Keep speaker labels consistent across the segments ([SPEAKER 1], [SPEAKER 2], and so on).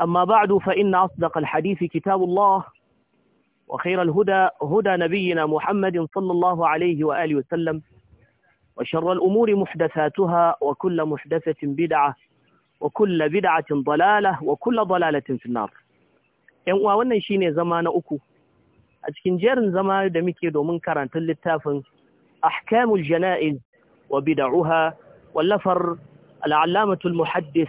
[SPEAKER 1] أما بعد فإن أصدق الحديث كتاب الله وخير الهدى هدى نبينا محمد صلى الله عليه وآله وسلم وشر الأمور محدثاتها وكل محدثة بدعة وكل بدعة ضلالة وكل ضلالة في النار وأنا شيني زمان أكو أتكين جيرن زمان دميكي دو منكرا تلتافن أحكام الجنائز وبدعها واللفر العلامة المحدث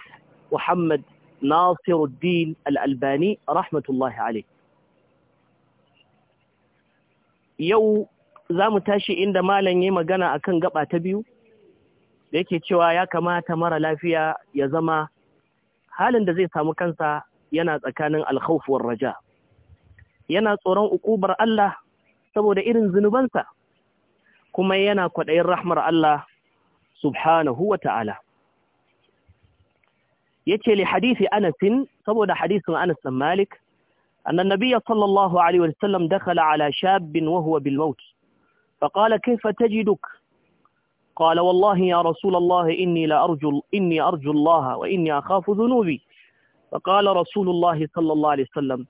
[SPEAKER 1] محمد Nasiruddin Al-Albani rahmatullahi alaihi yau za mu tashi inda malam ya magana akan gaɓa ta biyu da yake cewa ya kamata mara lafiya ya zama halin da zai samu kansa yana tsakanin alkhawfuwar raja yana tsoron ukubar Allah saboda irin zunubansa kuma yana kwaɗayin rahmar Allah subhanahu wa ta'ala يتي لحديث أنس Anas حديث أنس مالك أن النبي صلى الله عليه وسلم دخل على شاب وهو بالموت فقال كيف تجدك قال والله يا رسول الله إني لأرجو إني أرجو الله وإني أخاف ذنوبي فقال رسول الله صلى الله عليه وسلم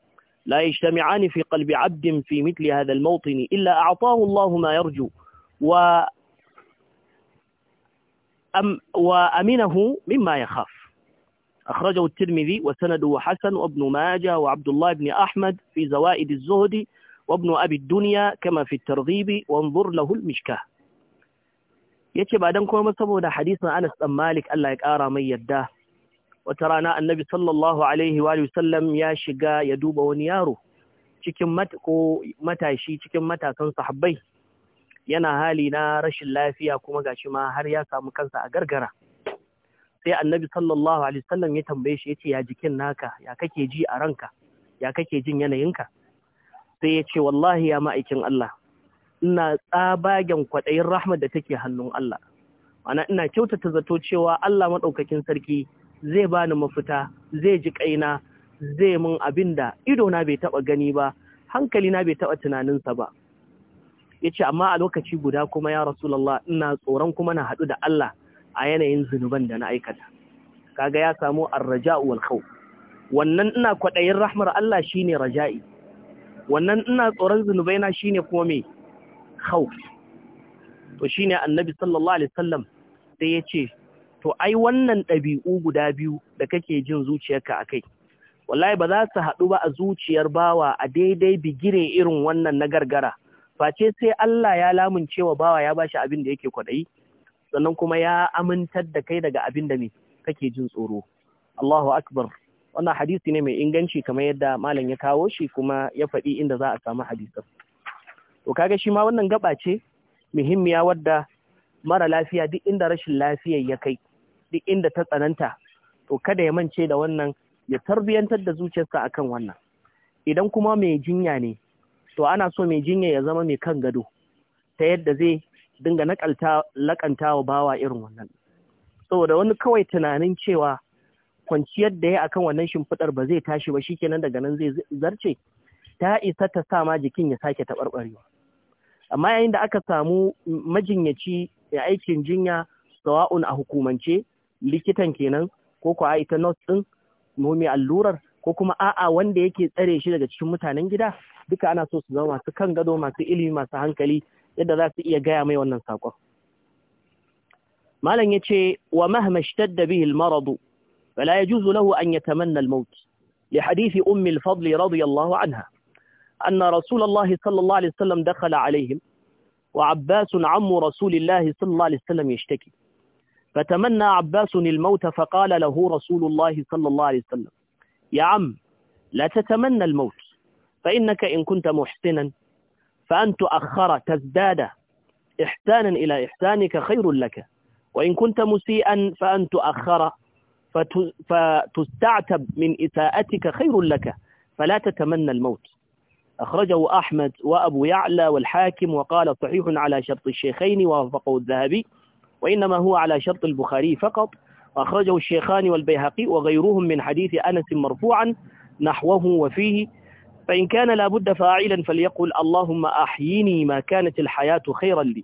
[SPEAKER 1] لا يجتمعان في قلب عبد في مثل هذا الموطن إلا أعطاه الله ما يرجو و وأمنه مما يخاف أخرجه الترمذي وسنده حسن وابن ماجه وعبد الله بن أحمد في زوائد الزهد وابن أبي الدنيا كما في الترغيب وانظر له المشكة يتي بعدن كما سبونا حديثنا أنس أم مالك ألا يكارا من يداه وترانا النبي صلى الله عليه وآله وسلم يا شقا يدوب ونياره cikin matko matashi cikin matasan sahabbai yana hali na rashin lafiya kuma فيها ma har ya samu kansa a gargara sai annabi sallallahu alaihi wasallam ya tambaye shi yace ya jikin naka ya kake ji a ranka ya kake jin yanayinka sai yace wallahi ya ma'aikin Allah ina tsabagen kwaɗayin rahmat da take hannun Allah ana ina kyautata zato cewa Allah maɗaukakin sarki zai bani mafita zai ji kaina zai mun abinda, da na bai taba gani ba hankali na bai taba tunanin sa ba yace amma a lokaci guda kuma ya rasulullah ina tsoron kuma na haɗu da Allah a yanayin zunuban da na aikata kaga ya samu arraja'u wal khawf wannan ina kwaɗayin rahmar Allah shine raja'i wannan ina tsoron zunubai na shine kuma me khawf to shine annabi sallallahu alaihi wasallam sai yace to ai wannan ɗabi'u guda biyu da kake jin zuciyarka akai wallahi ba za su haɗu ba a zuciyar bawa a daidai bigire irin wannan na gargara face sai Allah ya lamun cewa bawa ya bashi abin da yake kwaɗayi sannan kuma ya amintar da kai daga abin da kake jin tsoro Allahu akbar wannan hadisi ne mai inganci kamar yadda malam ya kawo shi kuma ya faɗi inda za a samu hadisin to kaga shi ma wannan gaba ce muhimmiya wadda mara lafiya duk inda rashin lafiyar ya kai duk inda ta tsananta to kada ya mance da wannan ya tarbiyantar da zuciyarsa akan wannan idan kuma mai jinya ne to ana so mai jinya ya zama mai kan gado ta yadda zai dinga nakalta lakanta wa bawa irin wannan saboda wani kawai tunanin cewa kwanciyar da ya akan wannan shimfiɗar ba zai tashi ba shi kenan daga nan zai zarce ta isa ta sa ma jikin ya sake taɓarɓarewa amma yayin da aka samu majinyaci ya aikin jinya sawa'un a hukumance likitan kenan ko ko a ita nurse din mai allurar ko kuma a'a wanda yake tsare shi daga cikin mutanen gida duka ana so su zama masu kan gado masu ilimi masu hankali yadda za su iya gaya mai wannan saƙon. Malam ya ce, wa mahmashtar da bihil maradu, fala ya juzu lahu an ya tamanna al-maut, li hadithi ummi al-fadli radiyallahu anha, anna Rasulallah sallallahu alaihi wasallam dakhala alaihim, wa Abbasun ammu Rasulillah sallallahu alaihi wasallam yashtaki. فتمنى عباس الموت فقال له رسول الله صلى الله عليه وسلم يا عم لا تتمنى الموت فإنك إن كنت محسنا فأن تؤخر تزداد إحسانا إلى إحسانك خير لك وإن كنت مسيئا فأن تؤخر فتستعتب من إساءتك خير لك فلا تتمنى الموت أخرجه أحمد وأبو يعلى والحاكم وقال صحيح على شرط الشيخين ووافقه الذهبي وإنما هو على شرط البخاري فقط وأخرجه الشيخان والبيهقي وغيرهم من حديث أنس مرفوعا نحوه وفيه فإن كان لابد فاعلا فليقل اللهم أحييني ما كانت الحياة خيرا لي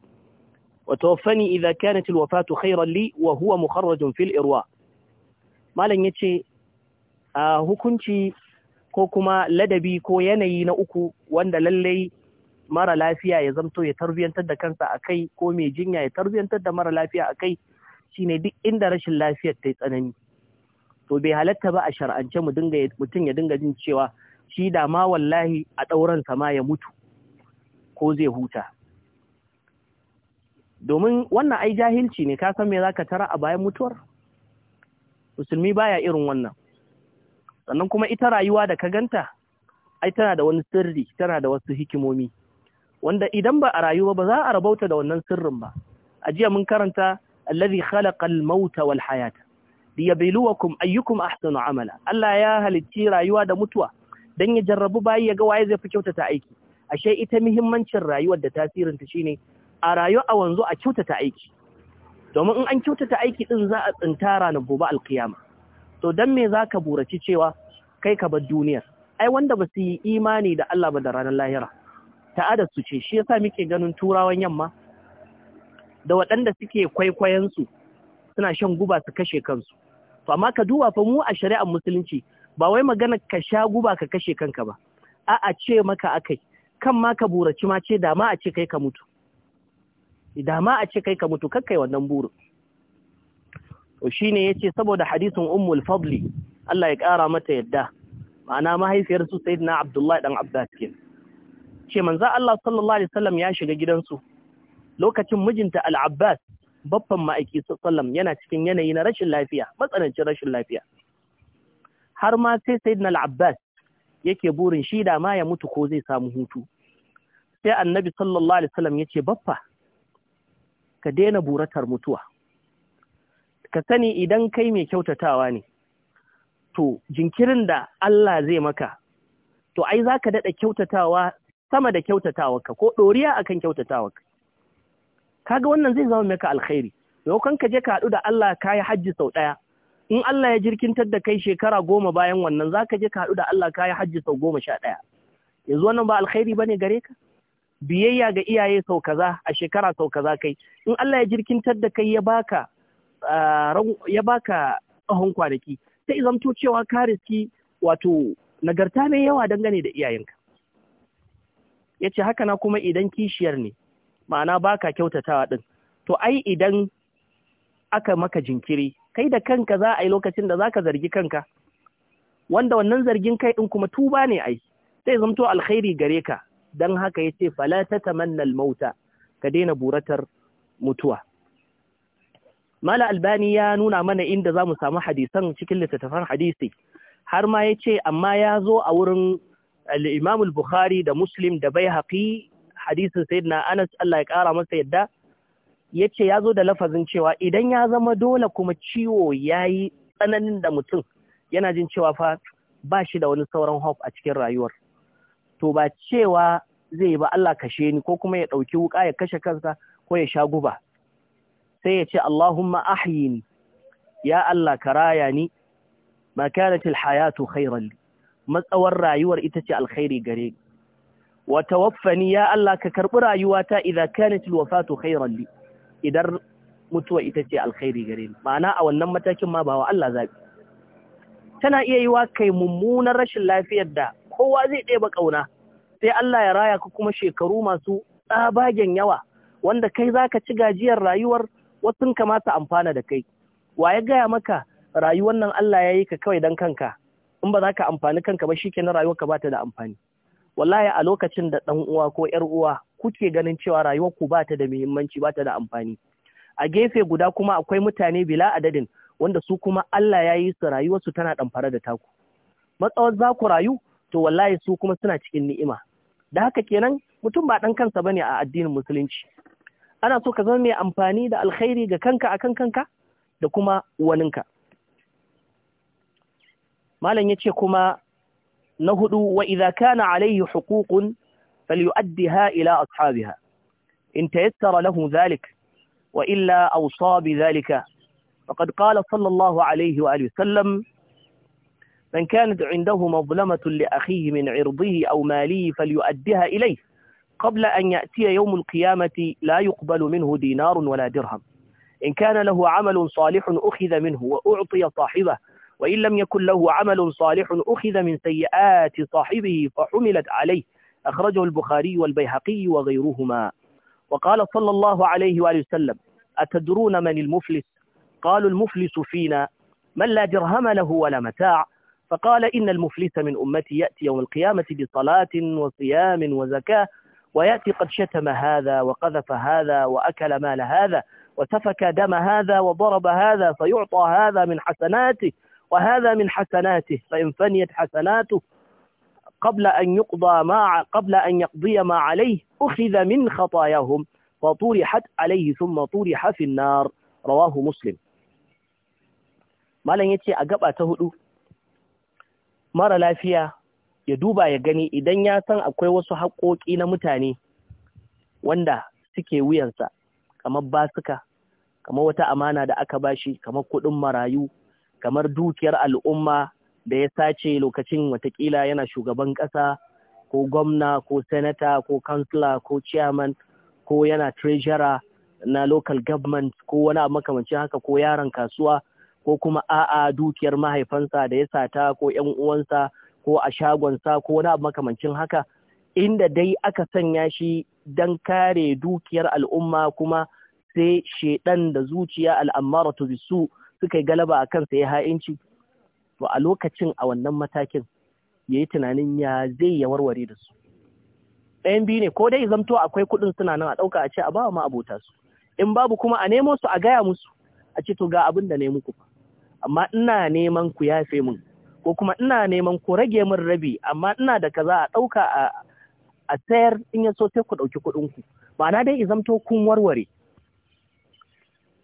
[SPEAKER 1] وتوفني إذا كانت الوفاة خيرا لي وهو مخرج في الإرواء ما لن يتشي هو آه، كنتي كوكما لدبي كو يني نأكو واند للي مرة لا فيها يزمتو يتربي أنت دا كانت أكي كومي جنيا يتربي أنت دا مرة لا فيها أكي شيني دي اندرش اللا فيها تيت أنني تو بيهالتها بقى شرعان شامو دنجا يتمتن يدنجا دنجا shi da ma wallahi a ɗauran sama ya mutu ko zai huta domin wannan ai jahilci ne ka san me za ka tara a bayan mutuwar musulmi baya irin wannan sannan kuma ita rayuwa da ka ganta ai tana da wani sirri tana da wasu hikimomi wanda idan ba a rayuwa ba za a rabauta da wannan sirrin ba a jiya mun karanta allazi khalaqal mauta wal hayata liyabluwakum ayyukum ahsanu amala Allah ya halicci rayuwa da mutuwa dan ya jarrabu bayi ya ga waye zai fi kyautata aiki ashe ita muhimmancin rayuwar da tasirin ta shine a rayuwa a wanzu a kyautata aiki domin in an kyautata aiki din za a tsintara na gobe alkiyama to dan me zaka buraci cewa kai ka bar duniyar ai wanda ba su yi imani da Allah ba da ranar lahira Ta su ce shi yasa muke ganin turawan yamma da waɗanda suke kwaikwayon suna shan guba su kashe kansu to amma ka duba fa mu a shari'ar musulunci ba wai magana ka sha guba ka kashe kanka ba a'a ce maka akai kan ma ka buraci ma ce da ma a ce kai ka mutu da ma a ce kai ka mutu kai wannan burin to shine yace saboda hadisin ummul fadli Allah ya kara mata yadda ma'ana mahaifiyar su sayyidina Abdullahi dan Abbas ke ce manzo Allah sallallahu alaihi wasallam ya shiga gidansu lokacin mijinta Al-Abbas babban ma'aiki sallam yana cikin yanayi na rashin lafiya matsanancin rashin lafiya har ma sai sayyidina al-abbas yake burin shi da ma ya mutu ko zai samu hutu sai annabi sallallahu alaihi wasallam yace baffa ka daina buratar mutuwa ka sani idan kai mai kyautatawa ne to jinkirin da Allah zai maka to ai zaka daɗa kyautatawa sama da kyautatawarka ko doriya akan kyautatawarka kaga wannan zai zama maka alkhairi yau kan ka je ka haɗu da Allah ka yi hajji sau ɗaya in Allah ya jirkintar da kai shekara goma bayan wannan za ka je ka haɗu da Allah ka yi hajji sau goma sha ɗaya yanzu wannan ba alkhairi ba ne gare ka biyayya ga iyaye sau kaza a shekara sau kaza kai in Allah ya jirkintar da kai ya baka ya tsahon kwanaki sai zamto cewa ka riski wato nagarta mai yawa dangane da iyayenka ya ce haka na kuma idan kishiyar ne ma'ana baka kyautatawa ɗin to ai idan aka maka jinkiri kai da kanka za a yi lokacin da za ka zargi kanka wanda wannan zargin kai in kuma tuba ne ai sai zamto alkhairi gare ka Don haka ya ce, fala mannal mauta ka daina buratar mutuwa mala albani ya nuna mana inda za mu samu hadisan cikin littattafan hadisi har ma ya ce amma ya zo a wurin al’imamul bukhari da Muslim da bai haƙi hadisin Sayyidina Anas Allah ya ƙara masa yadda ya ce ya zo da lafazin cewa idan ya zama dole kuma ciwo ya yi tsananin da mutum yana jin cewa fa ba shi da wani sauran hope a cikin rayuwar to ba cewa zai ba Allah kashe ni ko kuma ya ɗauki wuƙa ya kashe kansa ko ya sha guba sai ya ce Allahumma ahyini ya Allah ka raya ni ma kanatil hayatu khairan li matsawar rayuwar ita ce alkhairi gare ni wa tawaffani ya Allah ka karɓi rayuwata idza kanatil wafatu khairan li idan mutuwa ita ce alkhairi gare ni ma'ana a wannan matakin ma ba wa Allah zabi tana iya yiwa kai mummunar rashin lafiyar da kowa zai ɗeba ƙauna sai Allah ya raya ku kuma shekaru masu tsabagen yawa wanda kai za ka ci gajiyar rayuwar wasu kamata amfana da kai wa ya gaya maka rayuwar nan Allah ya yi ka kawai don kanka in ba za ka amfani kanka ba shi rayuwar rayuwa ba ta da amfani wallahi a lokacin da ɗan uwa ko yar uwa kuke ganin cewa rayuwar ku bata da muhimmanci bata da amfani a gefe guda kuma akwai mutane bila adadin wanda su kuma Allah ya yi su rayuwar su tana damfara da taku matsawar za ku rayu to wallahi su kuma suna cikin ni'ima da haka kenan mutum ba dan kansa bane a addinin musulunci ana so ka zama mai amfani da alkhairi ga kanka akan kanka da kuma waninka malam yace kuma na hudu wa idza kana alayhi huququn فليؤدها إلى أصحابها إن تيسر له ذلك وإلا أوصى بذلك فقد قال صلى الله عليه وآله وسلم من كانت عنده مظلمة لأخيه من عرضه أو ماله فليؤدها إليه قبل أن يأتي يوم القيامة لا يقبل منه دينار ولا درهم إن كان له عمل صالح أخذ منه وأعطي صاحبه وإن لم يكن له عمل صالح أخذ من سيئات صاحبه فحملت عليه أخرجه البخاري والبيهقي وغيرهما وقال صلى الله عليه وآله وسلم أتدرون من المفلس قالوا المفلس فينا من لا درهم له ولا متاع فقال إن المفلس من أمتي يأتي يوم القيامة بصلاة وصيام وزكاة ويأتي قد شتم هذا وقذف هذا وأكل مال هذا وسفك دم هذا وضرب هذا فيعطى هذا من حسناته وهذا من حسناته فإن فنيت حسناته قبل أن يقضى ما قبل min يقضي ما عليه أخذ من خطاياهم فطرحت عليه ثم طرح في النار رواه مسلم malam yace a gaɓa ta hudu mara lafiya ya duba ya gani idan ya san akwai wasu haƙoƙi na mutane wanda suke wuyansa kamar basuka kamar wata amana da aka bashi kamar kuɗin marayu kamar dukiyar al'umma da ya sace lokacin watakila yana shugaban ƙasa ko gwamna ko senata ko kansila ko chairman ko yana treasurer na local government ko wani makamancin haka ko yaron kasuwa ko kuma a'a dukiyar mahaifansa da ya sata ko yan uwansa ko a shagonsa ko wani makamancin haka inda dai aka sanya shi don kare dukiyar al'umma kuma sai shedan da zuciya al'ammaratu bisu suka yi galaba a kansa ya ha'inci to a lokacin a wannan matakin ya yi tunanin ya zai ya warware da su ɗayan biyu ne ko dai zamto akwai kuɗin suna nan a ɗauka a ce a bawa ma abota su in babu kuma a nemo su a gaya musu a ce to ga abin da ne muku amma ina neman ku yafe min ko kuma ina neman ku rage min rabi amma ina da kaza a ɗauka a sayar in ya so sai ku ɗauki kuɗin ku ma'ana dai izamto kun warware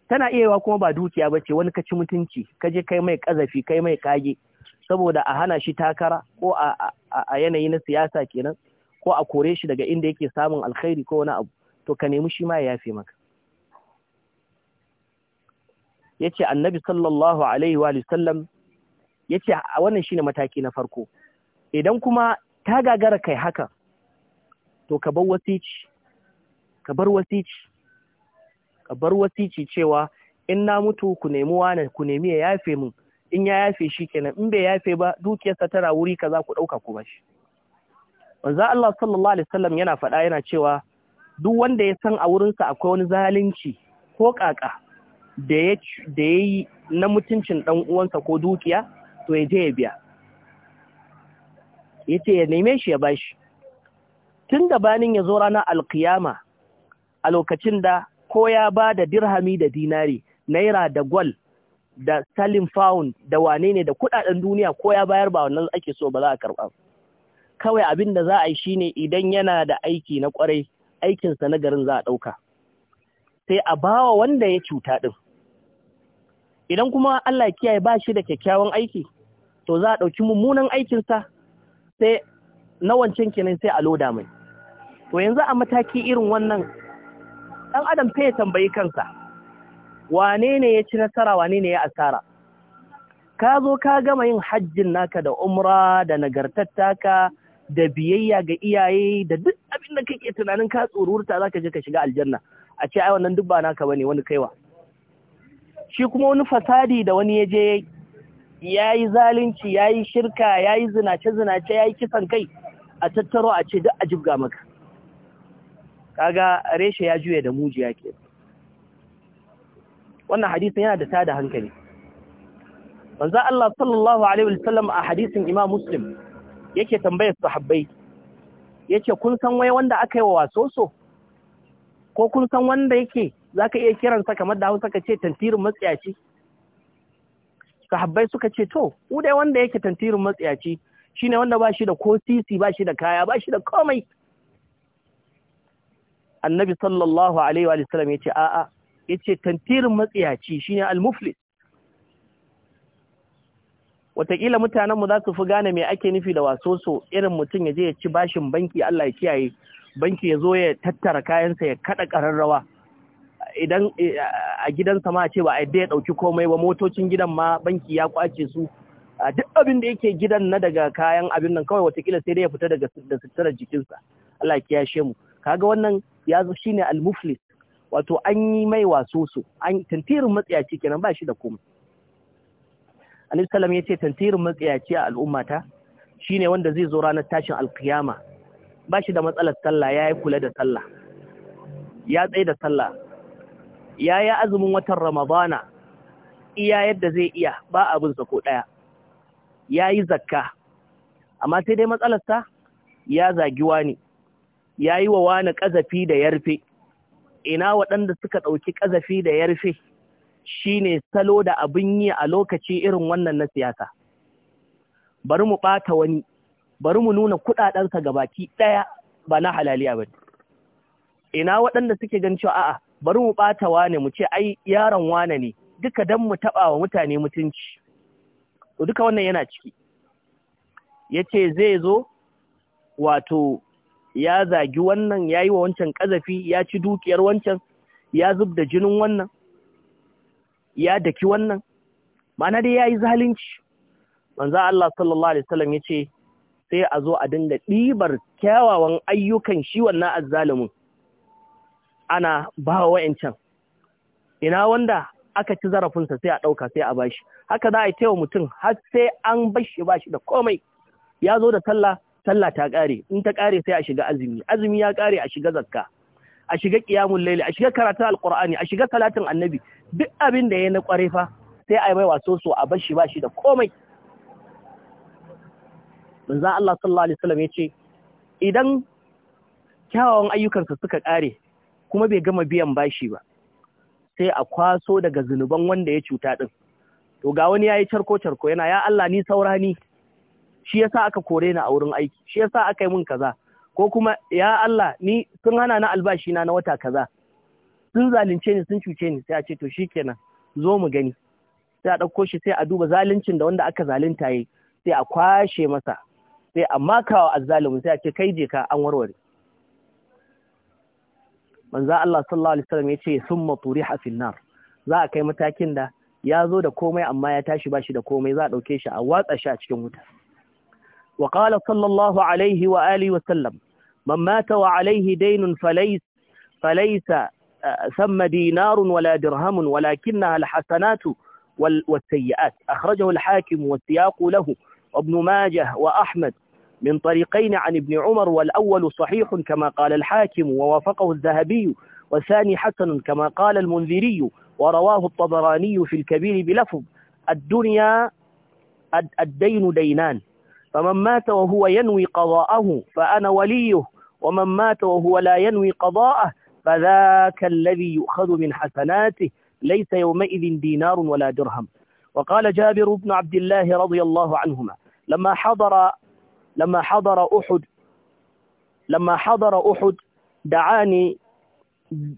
[SPEAKER 1] tana iya yawa kuma ba dukiya ba ce wani ka ci mutunci ka je kai mai kazafi kai mai kage saboda a hana shi takara ko a yanayi na siyasa kenan ko a kore shi daga inda yake samun alkhairi ko wani abu to ka nemi shi ma ya yafe maka yace annabi sallallahu alaihi wa sallam yace wannan shine mataki na farko idan kuma ta gagara kai haka to ka bar wasici ka bar wasici ka bar wasici cewa in na mutu ku nemi wane ku nemi ya yafe min in ya yafe shi kenan in bai yafe ba dukiyarsa tara wuri ka za ku ɗauka ku bashi Wanzan Allah sallallahu alaihi wasallam yana faɗa yana cewa duk wanda ya san a wurinsa akwai wani zalunci ko ƙaƙa da ya yi na mutuncin ɗan uwansa ko dukiya to ya je ya biya ce ya neme shi ya bashi tun gabanin ya zo ranar alkiyama a lokacin da ko ya ba da dirhami da dinari naira da gwal da salim fawun da wane ne da kudaden duniya ko ya bayar ba wannan ake so ba za a karba kawai abin da za a yi shi ne idan yana da aiki na kwarai aikinsa na garin za a ɗauka sai a bawa wanda ya cuta ɗin idan kuma Allah kiyaye ba shi da kyakkyawan aiki to za a ɗauki mummunan aikinsa sai na wancan kenan sai a loda mai to yanzu a mataki irin wannan dan adam sai ya tambayi kansa wane ne ya ci nasara wane ne ya asara ka zo ka gama yin hajjin naka da umra da nagartattaka da biyayya ga iyaye da duk abin da kake tunanin ka tsururta zaka je ka shiga aljanna a ce ai wannan duk ba naka bane wani kaiwa shi kuma wani fasadi da wani ya je ya yi zalunci ya yi shirka ya yi zinace-zinace ya yi kisan kai a tattaro a ce duk a jibga maka kaga reshe ya juya da mujiya ke wannan hadisin yana da tada hankali manzo Allah sallallahu alaihi wasallam a hadisin Imam Muslim yake tambayar sahabbai yake kun san wai wanda aka yi wa wasoso ko kun san wanda yake zaka iya kiran sa kamar da Hausa kace tantirin matsiyaci sahabbai suka ce to ku dai wanda yake tantirin matsiyaci shine wanda ba shi da ko sisi ba shi da kaya ba shi da komai annabi sallallahu alaihi wa sallam yace a'a yace tantirin matsiyaci shine al-muflis Wataƙila mutanenmu za su fi gane me ake nufi da wasoso irin mutum ya je ya ci bashin banki Allah ya kiyaye banki ya zo ya tattara kayansa ya kada ƙararrawa idan a gidansa ma ce ba a yadda ya ɗauki komai ba motocin gidan ma banki ya kwace su duk abin da yake gidan na daga kayan abin nan kawai watakila sai dai ya fita daga da suttarar jikinsa Allah ya kiyashe mu kaga wannan ya zo shine al-muflis wato an yi mai su an tantirin matsiyaci kenan ba shi da komai annabi sallam ya ce tantirin matsiyaci a al'ummata shine wanda zai zo ranar tashin alkiyama ba shi da matsalar sallah ya yi kula da sallah ya tsaye da sallah ya yi azumin watan ramadana iya yadda zai iya ba sa ko ɗaya ya yi zakka amma sai dai matsalarsa ya zagiwa ne ya yi wa wani ƙazafi da yarfe ina waɗanda suka ɗauki ƙazafi da yarfe ne salo da abin yi a lokaci irin wannan na siyasa bari mu ɓata wani bari mu nuna kuɗaɗensa ga baki ɗaya ba na halaliya ba ina waɗanda suke gan cewa a'a bari mu ɓata wane mu ce ai yaron wane ne duka don mu taɓa wa mutane mutunci to duka wannan yana ciki ya ce zai zo wato ya zagi wannan ya yi wa wancan ƙazafi ya ci dukiyar wancan ya zub da jinin wannan ya daki wannan ma'ana dai ya yi zalunci manzo Allah sallallahu alaihi wasallam ya ce sai a zo a dinga ɗibar kyawawan ayyukan shi wannan azzalumin ana ba wa'ancan ina wanda aka ci zarafinsa sai a ɗauka sai a bashi haka za a yi wa mutum har sai an bashi bashi da komai ya zo da sallah sallah ta ƙare in ta ƙare sai a shiga azumi azumi ya ƙare a shiga zakka a shiga qiyamul layli a shiga karatun alqur'ani a shiga salatin annabi duk abin da yayi na ƙware fa sai a yi mai waso so a bar shi bashi da komai manzo Allah sallallahu alaihi wasallam yace idan kyawawan ayyukansa suka ƙare kuma bai gama biyan bashi ba sai a kwaso daga zunuban wanda ya cuta din to ga wani yayi charko charko yana ya Allah ni saurani shi yasa aka kore ni a wurin aiki shi yasa aka yi min kaza ko kuma ya Allah ni sun hana na albashi na na wata kaza sun zalunce ni sun cuce ni sai a ce to shikenan zo mu gani sai a ɗauko shi sai a duba zaluncin da wanda aka zalunta yi sai a kwashe masa sai a makawa azzalumin sai a ce kai je ka an warware manzo Allah sallallahu alaihi wasallam yace summa turiha fil nar za a kai matakin da ya zo da komai amma ya tashi bashi da komai za a ɗauke shi a watsa shi a cikin wuta وقال صلى الله عليه وآله وسلم من مات وعليه دين فليس فليس آه، ثم دينار ولا درهم ولكنها الحسنات والسيئات أخرجه الحاكم والسياق له وابن ماجه وأحمد من طريقين عن ابن عمر والأول صحيح كما قال الحاكم ووافقه الذهبي والثاني حسن كما قال المنذري ورواه الطبراني في الكبير بلفظ الدنيا الدين دينان فمن مات وهو ينوي قضاءه فأنا وليه ومن مات وهو لا ينوي قضاءه فذاك الذي يؤخذ من حسناته ليس يومئذ دينار ولا درهم وقال جابر بن عبد الله رضي الله عنهما لما حضر لما حضر أحد لما حضر أحد دعاني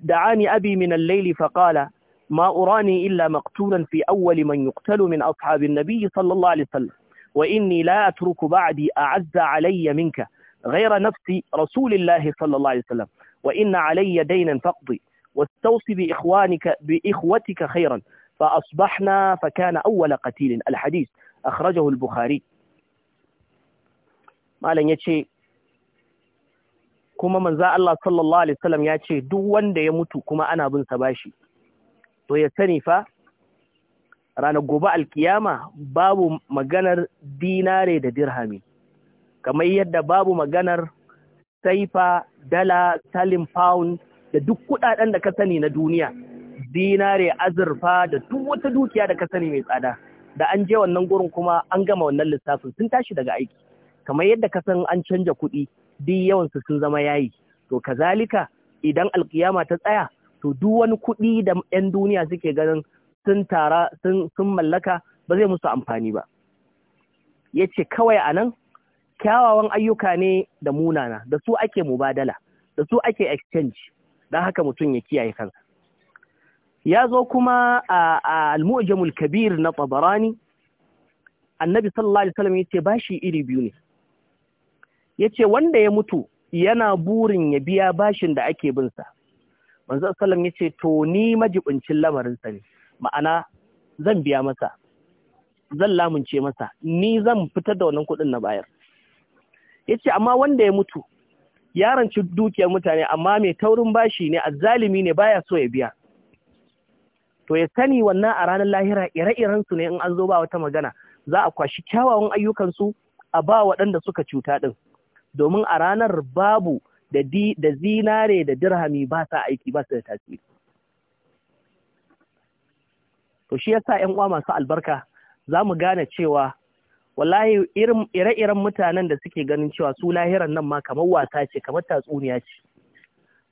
[SPEAKER 1] دعاني أبي من الليل فقال ما أراني إلا مقتولا في أول من يقتل من أصحاب النبي صلى الله عليه وسلم وإني لا أترك بعدي أعز علي منك غير نفس رسول الله صلى الله عليه وسلم وإن علي دينا فاقضي واستوصي بإخوانك بإخوتك خيرا فأصبحنا فكان أول قتيل الحديث أخرجه البخاري ما لن يتشي كما من زاء الله صلى الله عليه وسلم يتشي دوان دي mutu كما أنا بن سباشي bashi ranar gobe alkiyama babu maganar dinare da dirhami kamar yadda babu maganar saifa dala Salim, pound da duk kudaden da ka sani na duniya dinare azurfa da duk wata dukiya da ka sani mai tsada da an je wannan gurin kuma an gama wannan lissafin sun tashi daga aiki kamar yadda ka san an canja kuɗi duk yawansu sun zama yayi to kazalika idan alkiyama ta tsaya to duk wani kuɗi da 'yan duniya suke ganin sun tara sun mallaka ba zai musu amfani ba ya ce kawai a nan kyawawan ayyuka ne da munana da su ake mubadala da su ake exchange don haka mutum ya kiyaye kansa ya zo kuma a al-mu'jamul kabir na tabarani annabi sallallahu alaihi wasallam ba bashi iri biyu ne Ya ce wanda ya mutu yana burin ya biya bashin da ake bin sa manzo ya ce to ni majibincin lamarinsa ne ma'ana zan biya masa zan lamunce masa ni zan fitar da wannan kuɗin na bayar yace amma wanda ya mutu yaron ci dukiyar mutane amma mai taurin bashi ne azzalimi ne baya so ya biya to ya sani wannan a ranar lahira ire-iren su ne in an zo ba wata magana za a kwashi kyawawan ayyukan su a ba waɗanda suka cuta din domin a ranar babu da zinare da dirhami ba sa aiki ba su da tasiri to shi yasa ƴan uwa masu albarka za mu gane cewa wallahi ire-iren mutanen da suke ganin cewa su lahiran nan ma kamar wasa ce kamar tatsuniya ce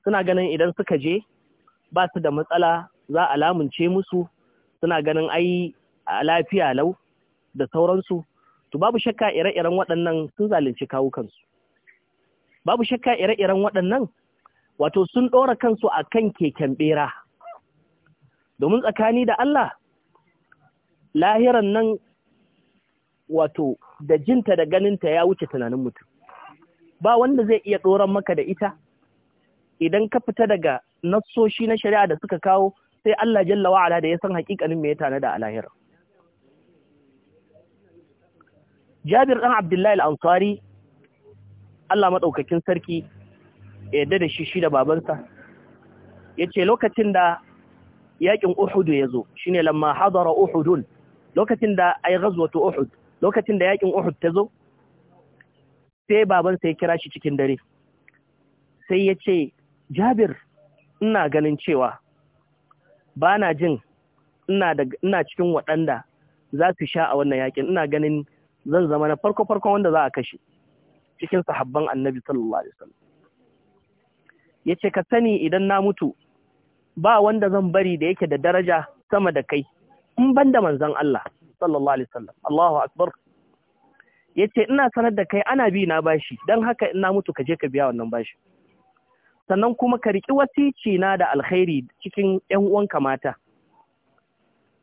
[SPEAKER 1] suna ganin idan suka je ba su da matsala za a lamunce musu suna ganin ai lafiya lau da sauransu to babu shakka ire-iren waɗannan sun zalunci kawukansu babu shakka ire-iren waɗannan wato sun ɗora kansu a kan keken ɓera domin tsakani da Allah lahiran nan wato da jinta da ganinta ya wuce tunanin mutum ba wanda zai iya ɗoran maka da ita idan ka fita daga nassoshi na shari'a da suka kawo sai Allah jalla wa'ala da ya san hakikanin me ya tana da alahira Jabir ɗan Abdullahi al-Ansari Allah maɗaukakin sarki yadda da shi shi da babansa yace lokacin da yaƙin Uhudu ya zo shine lamma hadara Uhudun lokacin da ai ghazwatu uhud lokacin da yakin uhud ta zo sai baban sai kira shi cikin dare sai ya ce jabir ina ganin cewa ba na jin ina cikin waɗanda za su sha a wannan yakin ina ganin zan zama na farko-farkon wanda za a kashe cikin sahabban annabi sallallahu alaihi wasallam yace ka sani idan na mutu ba wanda zan bari da yake da daraja sama da kai in ban da manzan Allah sallallahu alaihi wasallam Allahu akbar yace ina sanar da kai ana bi na bashi don haka ina mutu ka je ka biya wannan bashi sannan kuma ka riki wasici na da alkhairi cikin yan uwan mata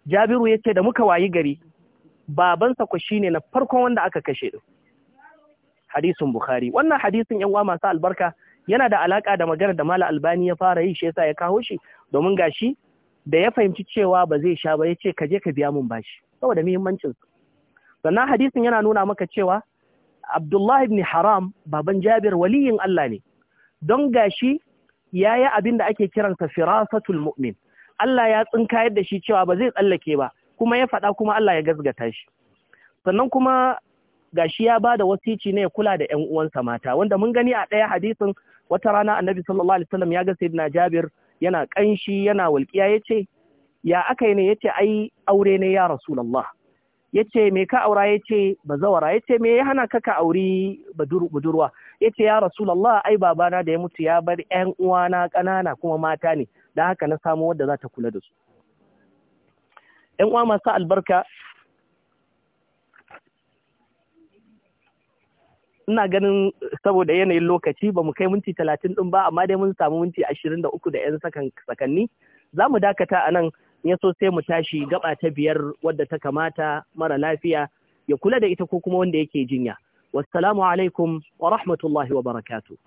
[SPEAKER 1] Jabiru ya ce da muka wayi gari babansa ku shine na farkon wanda aka kashe din hadisin Bukhari wannan hadisin 'yan'uwa uwa masu albarka yana da alaka da maganar da mala Albani ya fara yi shi yasa ya kawo shi domin gashi da ya fahimci cewa ba zai sha ba ya ce ka je ka biya mun bashi saboda muhimmancin sannan hadisin yana nuna maka cewa abdullah ibn Haram baban Jabir waliyin Allah ne don gashi yayi abin da ake kiransa firasatul mu'min Allah ya tsinkayar da shi cewa ba zai tsallake ba kuma ya faɗa kuma Allah ya gazgata shi sannan kuma gashi ya bada wasici ne ya kula da ƴan uwansa mata wanda mun gani a ɗaya hadisin wata rana Annabi sallallahu alaihi wasallam ya ga Sayyidina Jabir yana ƙanshi yana walƙiya ya ce ya aka yi ne ya ce ai aure ne ya rasulallah ya ce me ka aura ya ce ba zawara. ya ce me ya hana ka ka auri budurwa ya ce ya rasulallah ai babana da ya mutu ya bar 'yan uwana ƙanana kuma mata ne da haka na samu wadda za ta kula da su ƴan uwa masu albarka ina ganin saboda yanayin lokaci ba mu kai minti talatin din ba amma dai mun samu minti ashirin da uku da yan sakanni za mu dakata a nan ya so sai mu tashi gaba ta biyar wadda ta kamata mara lafiya ya kula da ita ko kuma wanda yake jinya wassalamu alaikum wa rahmatullahi wa barakatu.